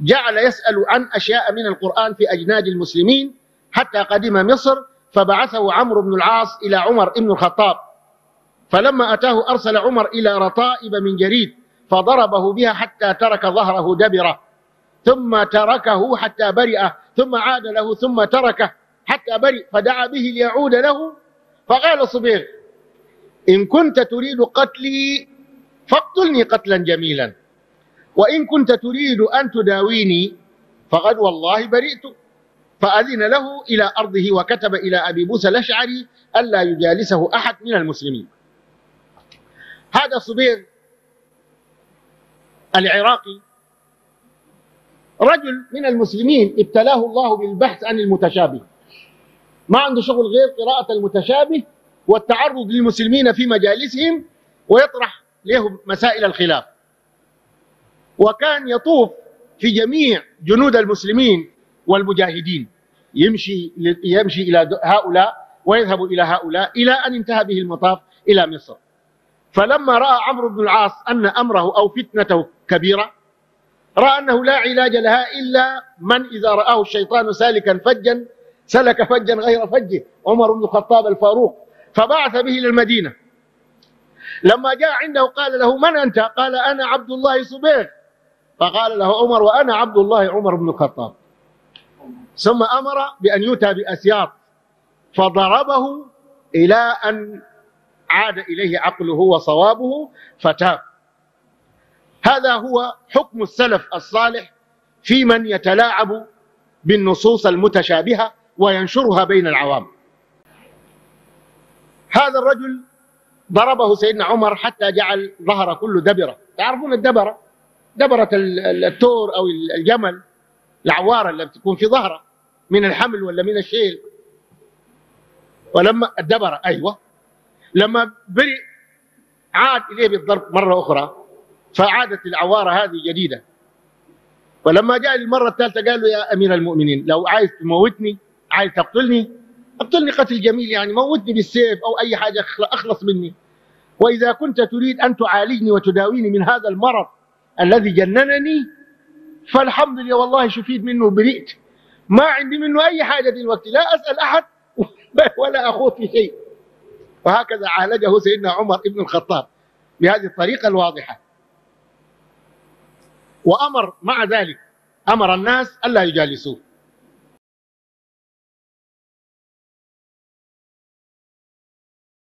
جعل يسأل عن أشياء من القرآن في أجناد المسلمين حتى قدم مصر فبعثه عمرو بن العاص إلى عمر بن الخطاب فلما أتاه أرسل عمر إلى رطائب من جريد فضربه بها حتى ترك ظهره دبره ثم تركه حتى برئه ثم عاد له ثم تركه حتى برئ فدعا به ليعود له فقال صبيغ إن كنت تريد قتلي فاقتلني قتلا جميلا وإن كنت تريد أن تداويني فقد والله برئت فأذن له إلى أرضه وكتب إلى أبي موسى الأشعري ألا يجالسه أحد من المسلمين هذا صبير العراقي رجل من المسلمين ابتلاه الله بالبحث عن المتشابه ما عنده شغل غير قراءة المتشابه والتعرض للمسلمين في مجالسهم ويطرح لهم مسائل الخلاف وكان يطوف في جميع جنود المسلمين والمجاهدين يمشي يمشي الى هؤلاء ويذهب الى هؤلاء الى ان انتهى به المطاف الى مصر فلما راى عمرو بن العاص ان امره او فتنته كبيره راى انه لا علاج لها الا من اذا راه الشيطان سالكا فجا سلك فجا غير فجه عمر بن الخطاب الفاروق فبعث به الى المدينه لما جاء عنده قال له من انت؟ قال انا عبد الله صبيغ فقال له عمر وأنا عبد الله عمر بن الخطاب ثم أمر بأن يؤتى بأسياط فضربه إلى أن عاد إليه عقله وصوابه فتاب هذا هو حكم السلف الصالح في من يتلاعب بالنصوص المتشابهة وينشرها بين العوام هذا الرجل ضربه سيدنا عمر حتى جعل ظهر كل دبرة تعرفون الدبرة دبرة التور أو الجمل العوارة اللي بتكون في ظهره من الحمل ولا من الشيل ولما الدبرة أيوة لما برئ عاد إليه بالضرب مرة أخرى فعادت العوارة هذه جديدة ولما جاء المرة الثالثة قال له يا أمير المؤمنين لو عايز تموتني عايز تقتلني اقتلني قتل جميل يعني موتني بالسيف أو أي حاجة أخلص مني وإذا كنت تريد أن تعالجني وتداويني من هذا المرض الذي جننني فالحمد لله والله شفيت منه وبرئت ما عندي منه أي حاجة دلوقتي لا أسأل أحد ولا أخوض في شيء وهكذا عالجه سيدنا عمر ابن الخطاب بهذه الطريقة الواضحة وأمر مع ذلك أمر الناس ألا يجالسوه